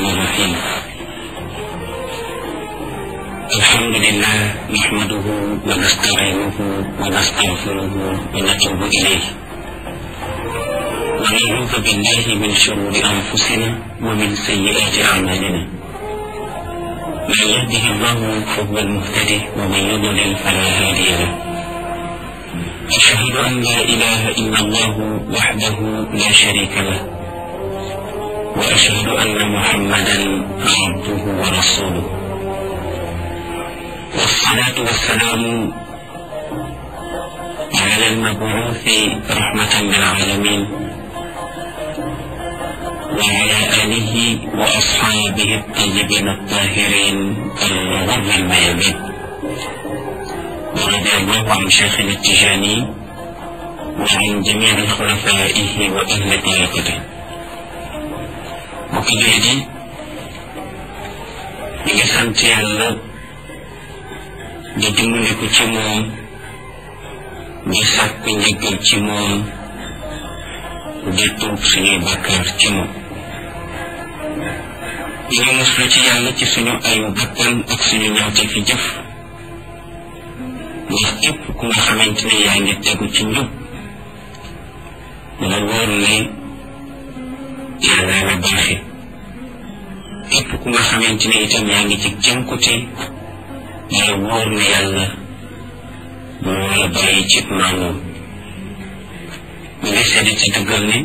الرحمن الرحيم الحمد لله نحمده ونستعينه ونستغفره ونتوب إليه ونعوذ بالله من شرور أنفسنا ومن سيئات أعمالنا من يهده الله فهو المهتدي ومن يضلل فلا هادي له أشهد أن لا إله إلا الله وحده لا شريك له وأشهد أن محمدا عبده ورسوله والصلاة والسلام على المبعوث رحمة للعالمين وعلى آله وأصحابه الطيبين الطاهرين الغر الميامين ورضي الله عن شيخنا التجاني وعن جميع خلفائه وأهل طريقته mbokki jullit yi ñu ngi sant yàlla di dimbandiku ci moom di sàkku njëggal ci moom di tuub suñuy bàkkaar ci moom ñu ngi muslu ci yàlla ci suñu ayu bakkan ak suñu ñawte fi jëf ndax képp ku nga xamante ne yaa ngi tegu ci njub na la wóor ne yàlla képp ku nga xamante ne itam yaa ngi ci jënkute dara wóor na yàlla moo la bàyyi ci kamu mu ngi seede ci dëggal ne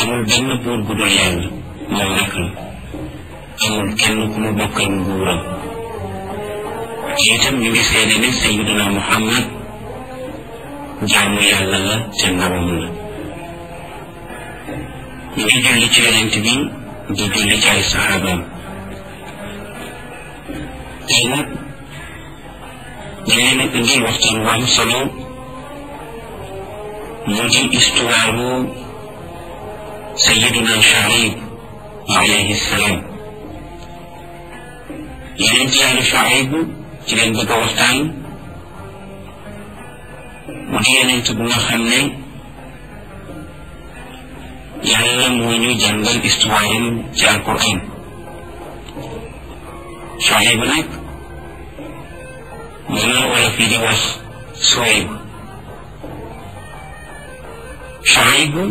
amul benn buur gu dul yàlla moom rek la amul kenn ku mu bokkal nguuram ci itam ñu ngi seede ne sayiduna muhammad jaamu yàlla la te ndawam la ñu ngi julli ci yonent bi dipilih dari sahabat ingat Dilini pinggir waktu Imam Sulu Muji istuwaru Sayyiduna Syarif Alaihi Salam Dilini tiada Syarif Dilini berkawasan Mudian yang sebuah hamil Yang memenuhi janggal istuain si Al-Quran Sahih benar Mana wala fi diwas Suhaib Sahih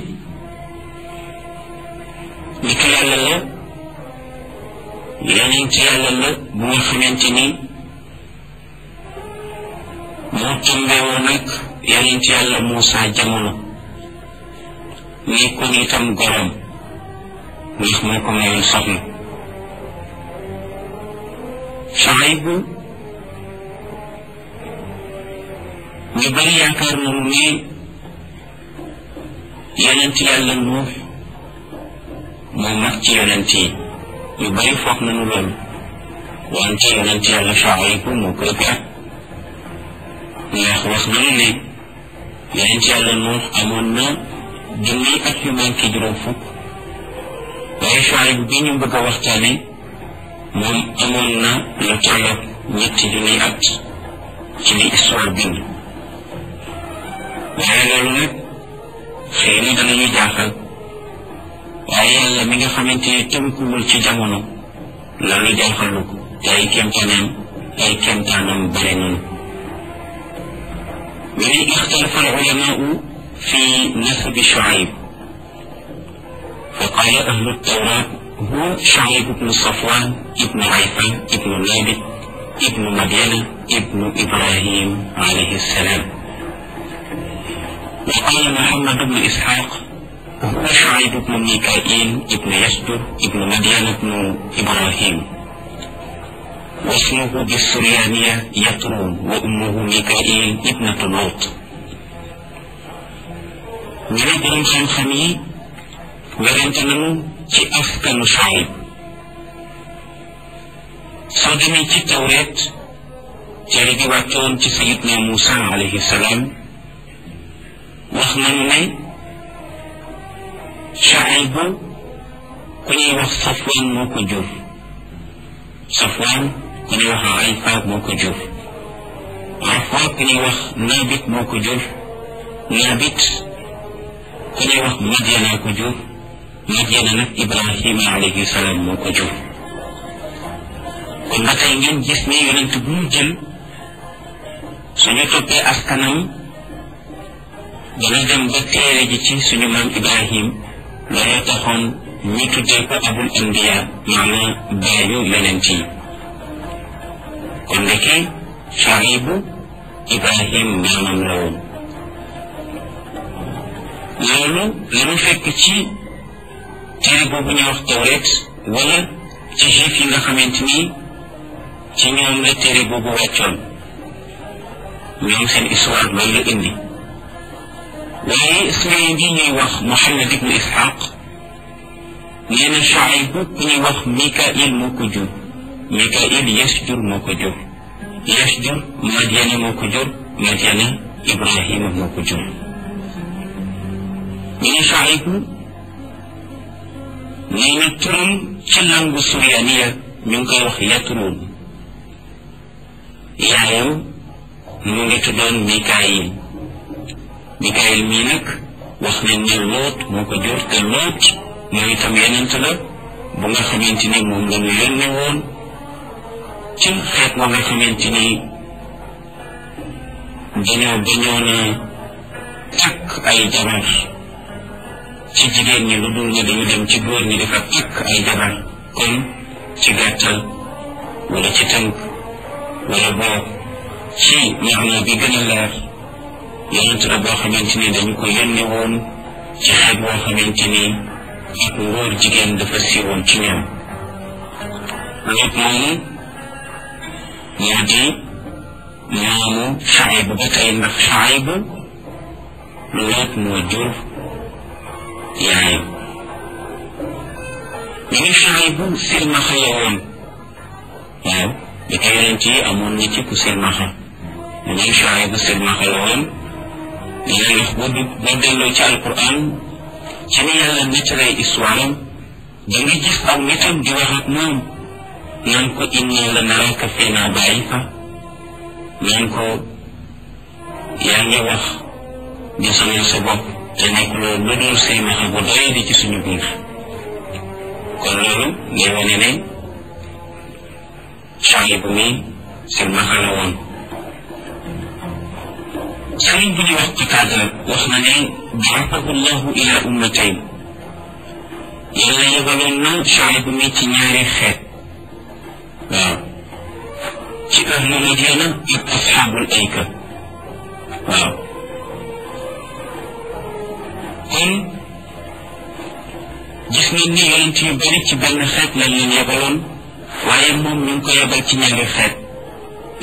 Dikiralah Yang dikiralah Bunga semen ini Mungkin dia anak Yang dikiralah Musa Jamunah nekkul itam gorom ndax moo ko mayoon soxna Suaybu ñu bari yaakaar nañu ne yonent yàlla Nuux moo mag ci yonent yi ñu bari foog nañu loolu wante yonent yàlla Suaybu moo ko ëpp at ndax wax nañu ne yonent yàlla Nuux amoon na junniy ak yu manqué juróom fukk waaye Shuayb bi ñu bëgg a waxtaane moom amoon na lu ñetti junniy at ci li histoire bind waaye loolu nag xëy na jaaxal waaye yàlla mi nga xamante ne tënkuwul ci jamono loolu jaaxalu ko te ay kéemtaanam ay kéemtaanam bare noonu. في نسب شعيب فقال أهل التوراة هو شعيب بن صفوان ابن عيفان ابن نابت ابن مدينة ابن إبراهيم عليه السلام وقال محمد بن إسحاق هو شعيب بن ميكائيل ابن يسدر ابن مدينة ابن إبراهيم واسمه بالسريانية يتروم وأمه ميكائيل ابنة لوط ñoo borom xam-xam yi werante nañu ci askanu Shuayb soo demee ci tawreet téere bi wàccoon ci sayidna Moussa alayhi salaam wax nañu ne Shuayb ku ñuy wax Safwaan moo ko jur Safwaan ku ñuy wax Ayfa moo ko jur Ayfa ku ñuy wax Naabit moo ko jur Naabit ku ñuy wax Madiana ko jur Madiana nag Ibrahima alayhi salaam moo ko jur kon ba tey ngeen gis ne yonent bu jël suñu askanam dana dem ba téere ji ci suñu Ibrahim looloo taxoon ñu tuddee ko abul anbiya maanaam bayu yonent yi kon ndeke Ibrahim maamam la woon loolu lañu fekk ci téere boobu ñu wax wala ci juif yi nga xamante ni ci ñoom la téere boobu wàccoon ñoom seen histoire loolu la indi waaye ismaïl bi ñuy wax Muhammad ibn Ishaq nee na ku ñuy wax Mikail moo ko jur Mikail Yasjur moo ko jur Yasjur Madiana moo ko jur Madiana Ibrahima moo ko jur ñu Shuayb nee na turam ci langu suryaaniya ñu ngi koy wax Yathrib yaayam mu ngi tuddoon Mikayil Mikayil mii nag wax nañ ne Lóot moo ko jur te Lóot mooy itam yonent la bu nga xamante ni moom la ñu yónne ci xeet ba nga xamante ni dañoo dañoo na takk ay jabar ci jigéen ñi lu dul ne dañu dem ci góor dafa takk ay jabar ci gàttal wala ci tënk wala boog ci maana bi gën a leer yonent boo xamante dañu ko yónni woon ci xeet boo xamante ak ngóor jigéen dafa siiwoon ci ñoom nit moomu moo di maamu Shuayb ba tey ndax Shuayb Loot moo jur yaay ñu ngi xaay bu sirmaxa la woon waaw li ko yonent amoon ni ci ku sirmaxa ñu ngi xaay bu sirmaxa la woon dina ndax boo boo delloo ci alquran ci ni yàlla nettalee histoire da nga gis aw nitam di wax moom naan ko inni la naraka fii naa bàyyi fa naan ko yaa ngi wax di sonal sa te nekkuloo lu dul say max bu doy di ci suñu buur kon loolu ngay wane ne Shuayb bu mi seen max la woon sëriñ bu ñu wax ci cadre wax na ne ba'athahu llahu ila ummatayn yàlla yebaloon na Shuayb bu mi ci ñaari xeet waaw ci ahlu Madina ak asxaabul ayka waaw kon gis ngeen ni yonent yu bari ci benn xeet lañ leen yebaloon waaye moom ñu ko yebal ci ñaari xeet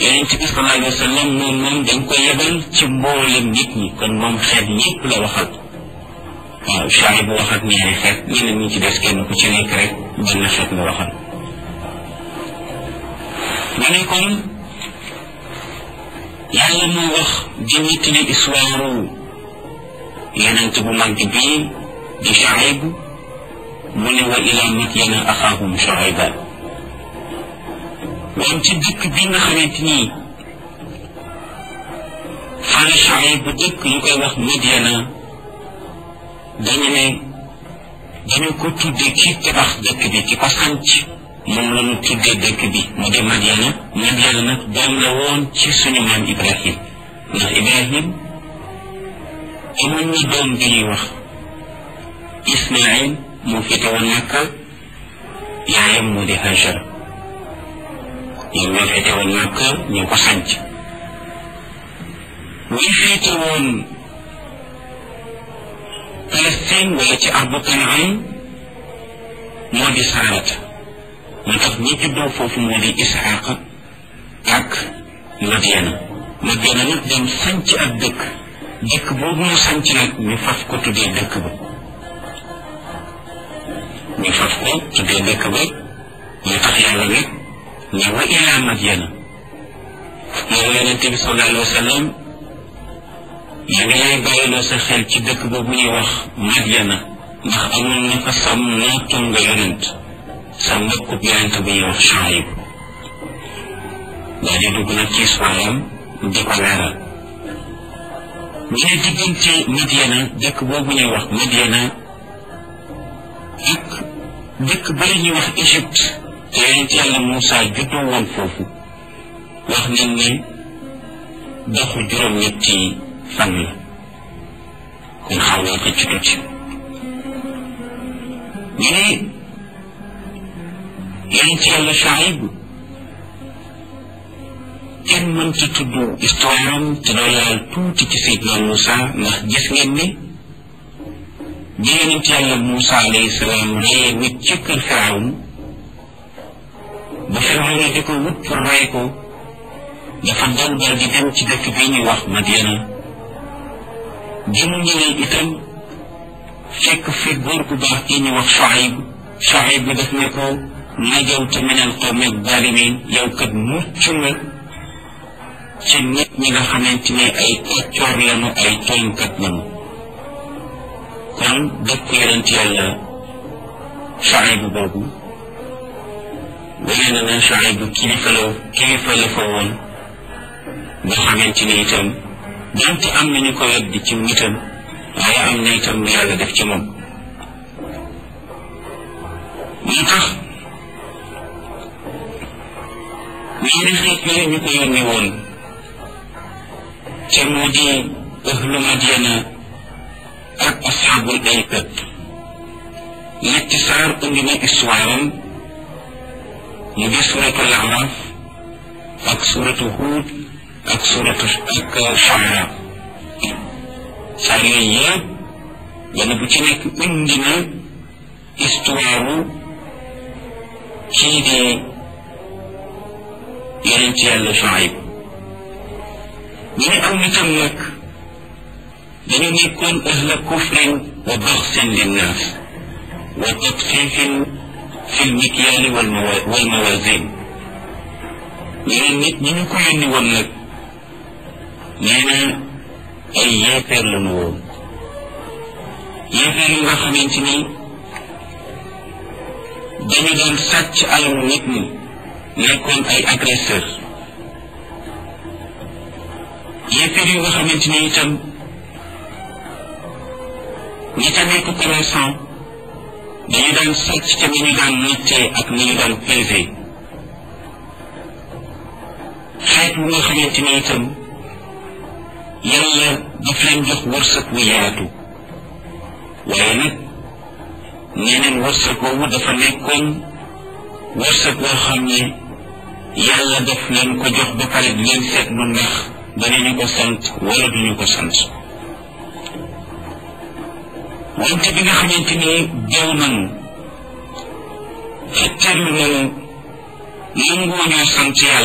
yonent bi sallallahu ko yebal ci bu wax ak ñaari xeet ñi ci des kenn ku ci nekk rek benn xeet la waxal ma ne kon yàlla moo wax di nettali histoire yonent bu mag bii di Shuayb mu ne wa ilaa midyana axaahum Shuayba moom ci dëkk bi nga xamante ni fa la dëkk ñu koy wax Midyana dañu ne dañu ko tuddee ci tabax dëkk bi ci ko sànc moom tuddee dëkk bi mu di Midyana doom la woon ci suñu Ibrahim ndax Ibrahim amoon na doom bi ñuy wax Ismaayil moo féete woon Makka yaayam moo di Hajar ñoom ñoo féete woon Makka ñoo ko sànc ñi féete woon Palestine wala ci ardu Kanaan moo di Saarata moo tax ñi juddoo foofu moo di Isxaaqa ak Madyana Madyana nag dem sànc ab dëkk dëkk boobu mu sanc nag ñu faf ko tuddee dëkk ba ñu faf ko tuddee dëkk ba moo tax yàlla wa ilaa madyana moom yonente bi sallallahu alayhi wa sa xel ci dëkk boobu ñuy wax madyana ndax amoon na fa sam nootoon nga yonent sa mbokku yonent bu ñuy wax Shuayb daal di dugg nag ci soxlaam di ko leeral ngir diggante Midyana dëkk boobu ñuy wax Midyana ak dëkk bari ñuy wax Égypte te yonent yàlla Moussa juddoo woon foofu wax nañ ne doxu juróom-ñetti fan la kon xaw nañ ci tuuti ñu ne yonent yàlla Shuayb kenn mën ci tudd histoire am te doo laal tuuti ci Seydina Moussa ndax gis ngeen ne bi yonent yàlla Moussa alayhi salaam rayee wécc ci kër ba Firawun di ko wut rey ko dafa daw di dem ci dëkk bi ñuy wax Madiana bi mu ñëwee itam fekk fi góor gu baax ki ñuy wax Shuayb Shuayb bi daf ne ko najaw te minal qawmi zalimin yow kat mucc nga ci nit ñi nga xamante ne ay koccoor lañu ay tooñkat lañu kon dëkk yonent yàlla Shuayb boobu wane na ne Shuayb kilifa la kilifa la fa woon nga xamante itam donte am na ñu ko weddi ci nitam waaye am na itam lu yàlla def ci moom moo tax ñaari xeet yooyu ñu ko yónni woon Yahudi ahlu Madinah at ashabul Aikat nagtisar kung yung iswaran mga surat al-Araf at surat Uhud at surat Al-Shara sayo niya yan ang buti na kundi na istuwaro kini yan ñi aw nitam nag dañu nekkoon ahla kufrin wa baxsin linnaas wa tatfifin fi lmikyaali wal mawazin ñeneen nit ñi ñu ko woon nag nee na ay yéefeer la ñu woon yéefeer yi nga xamante ni dañu ay agresseur yéefar yu nga xamante ni itam ñi ca nekk commerçant dañu daan sàcc te ni ñu daan nattee ak ni ñu daan pesé xeet wu nga xamante ni itam yàlla daf leen jox wërsëg wu yaatu waaye nag ñeneen wërsëg boobu dafa nekkoon wërsëg woo xam ne yàlla daf leen ko jox ba pare di seet lu neex danañu ko sant wala duñu ko sant wante bi nga xamante ni jaw nañu xetteerlu nañu nanguwuñoo sant yàlla